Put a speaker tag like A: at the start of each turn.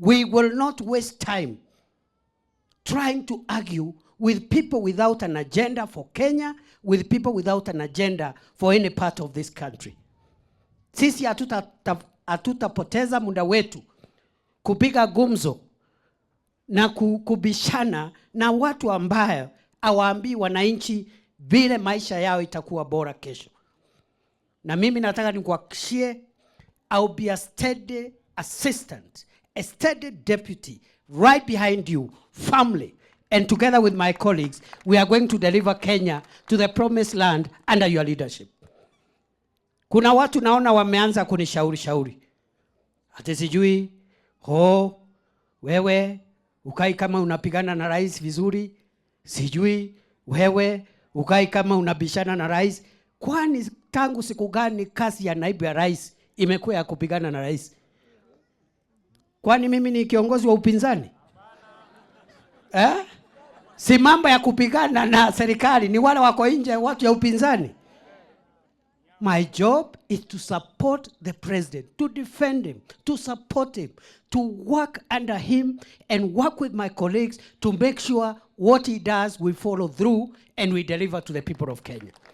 A: We will not waste time trying to argue with people without an agenda for Kenya, with people without an agenda for any part of this country. Sisi hatutapoteza muda wetu kupiga gumzo na kubishana na watu ambayo awaambii wananchi vile maisha yao itakuwa bora kesho. Na mimi nataka nikuakishie I'll be a steady assistant a steady deputy right behind you, firmly, and together with my colleagues, we are going to deliver Kenya to the promised land under your leadership. Kuna watu naona wameanza kunishauri shauri, ati sijui ho wewe ukai kama unapigana na rais vizuri, sijui wewe ukai kama unabishana na rais. Kwani tangu siku gani kazi ya naibu ya rais imekuwa ya kupigana na rais? Kwani mimi ni kiongozi wa upinzani eh? Si mambo ya kupigana na serikali, ni wale wako nje, watu ya upinzani. My job is to support the president, to defend him, to support him, to work under him and work with my colleagues to make sure what he does we follow through and we deliver to the people of Kenya.